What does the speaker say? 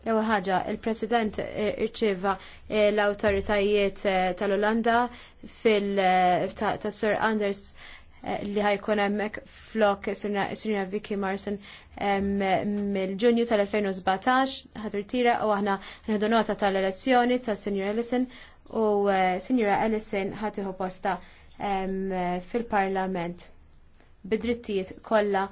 L-ewwel ħaġa, il-President eh, irċieva eh, l-awtoritajiet eh, tal-Olanda fil ta' Sir Anders li ħajkun hemmhekk flok Sirina Vicky Marson mill-Ġunju tal-2017 tira u aħna nħedu nota tal-elezzjoni ta' Sinjura Ellison u Sinjura Ellison ħatiħu posta fil-Parlament bidrittijiet kollha